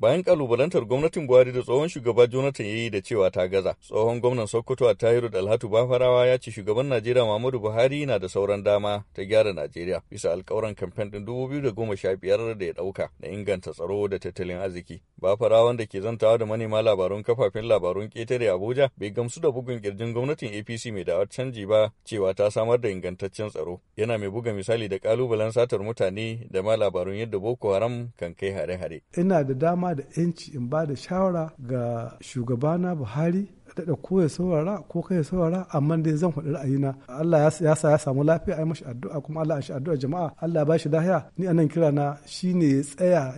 bayan kalubalantar gwamnatin buhari da tsohon shugaba jonathan ya da cewa ta gaza tsohon gwamnan sokoto a tahiru dalhatu bafarawa ya ce shugaban najeriya muhammadu buhari na da sauran dama ta gyara najeriya bisa alkawuran kamfen din biyar da ya ɗauka na inganta tsaro da tattalin arziki Bafarawa, da ke zantawa da manema labarun kafafen labarun ketare abuja bai gamsu da bugun kirjin gwamnatin apc mai da'awar canji ba cewa ta samar da ingantaccen tsaro yana mai buga misali da kalubalen satar mutane da ma labarun yadda boko haram kan kai hare-hare ina da dama da 'yanci in ba da shawara ga shugabana buhari da ko ya saurara ko kai ya saurara amma dai zan faɗi ra'ayina Allah ya sa ya samu lafiya ai mashi addu'a kuma Allah ya shi addu'a jama'a Allah ya bashi lafiya ni anan kira na shine ya tsaya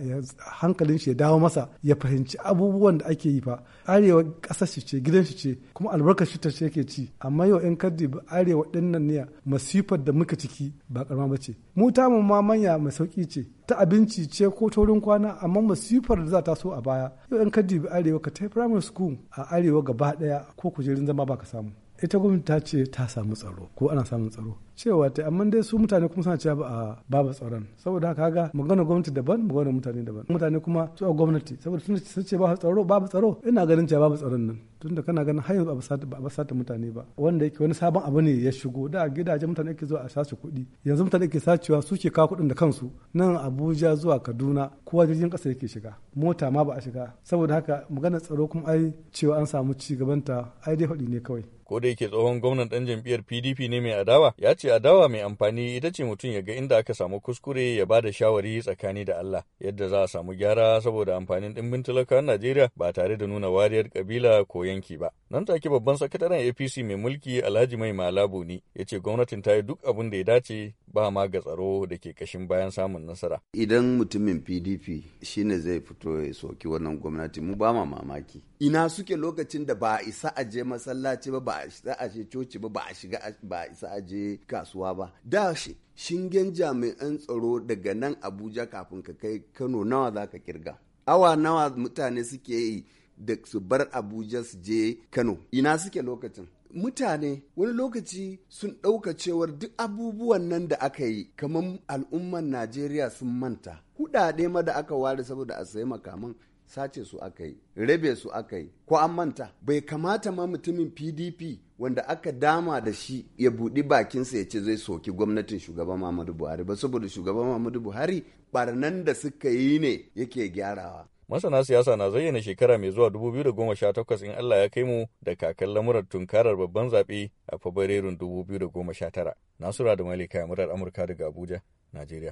hankalin shi ya dawo masa ya fahimci abubuwan da ake yi fa arewa ƙasar shi ce gidan shi ce kuma albarkar shi ta ce yake ci amma yau in kaddi arewa dinnan ne masifar da muka ciki ba karama ba ce mu ma manya mai sauki ce ta abinci ce ko taurin kwana amma masifar da za ta so a baya yau in kaddi arewa ka ta primary school a arewa gaba ɗaya ɗaya ko kujerun zama ba ka samu ita gwamnati ta ce ta samu tsaro ko ana samun tsaro cewa ta amma dai su mutane kuma suna cewa ba babu tsaron saboda haka ga magana gwamnati daban magana mutane daban mutane kuma su a gwamnati saboda sun ce ba tsaro babu tsaro ina ganin cewa babu tsaron nan tunda kana ganin har yanzu ba a sata mutane ba wanda yake wani sabon abu ne ya shigo da gidajen mutane yake zuwa a sace kuɗi yanzu mutane yake sacewa su ke kawo kuɗin da kansu nan Abuja zuwa Kaduna ko jirgin ƙasa yake shiga mota ma ba a shiga saboda haka magana tsaro kuma ai cewa an samu ci gabanta ai dai faɗi ne kawai ko da yake tsohon gwamnan dan jam'iyyar pdp ne mai adawa ya ce adawa mai amfani ita ce mutum ya ga inda aka samu kuskure ya ba da shawari tsakani da allah yadda za a samu gyara saboda amfanin dimbin talakawan najeriya ba tare da nuna wariyar kabila ko yanki ba nan take babban sakataren apc mai mulki alhaji mai malabu ne ya ce gwamnatin ta yi duk abin da ya dace ba ma ga tsaro da ke kashin bayan samun nasara idan mutumin pdp shine zai fito ya soki wannan gwamnati mu ba ma mamaki ina suke lokacin da ba a isa a je masallaci ba ba ba za a je coci ba ba a shiga ba isa a je kasuwa ba da shi shingen jami'an tsaro daga nan abuja kafin ka kai kano nawa za ka kirga awa nawa mutane suke yi da su bar abuja su je kano ina suke lokacin mutane wani lokaci sun ɗauka cewar duk abubuwan nan da aka yi kamar al'umman najeriya sun manta kuɗaɗe ma da aka ware saboda a sayi makaman sace su aka yi rabe su aka yi ko an manta bai kamata ma mutumin pdp wanda aka dama da shi ya buɗi bakinsa ya ce zai soki gwamnatin shugaban muhammadu buhari ba saboda shugaban muhammadu buhari barnan da suka yi ne yake gyarawa masana siyasa na zayyana shekara mai zuwa 2018 in Allah ya kai mu da kakar lamurar tunkarar babban zaɓe a fabrairun 2019 nasura da malika murar amurka daga abuja najeriya